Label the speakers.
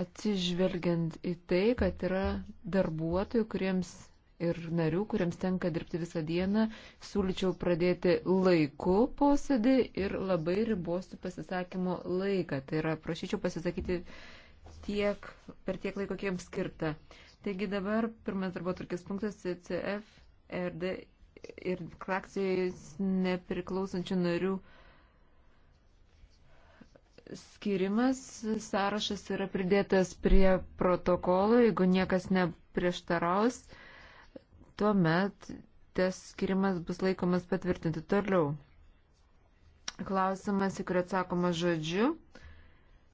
Speaker 1: atsižvelgiant į tai, kad yra darbuotojų, kuriems ir narių, kuriems tenka dirbti visą dieną, siūlyčiau pradėti laiku posėdį ir labai ribosiu pasisakymo laiką. Tai yra, prašyčiau pasisakyti tiek, per tiek laiko, kiek skirta. Taigi dabar pirmas darbo turkis punktas CCF, RD ir frakcijais nepriklausančių narių skirimas, sąrašas yra pridėtas prie protokolo, jeigu niekas neprieštaraus, tuomet tas skirimas bus laikomas patvirtinti toliau. Klausimas, į kurį atsakoma žodžiu.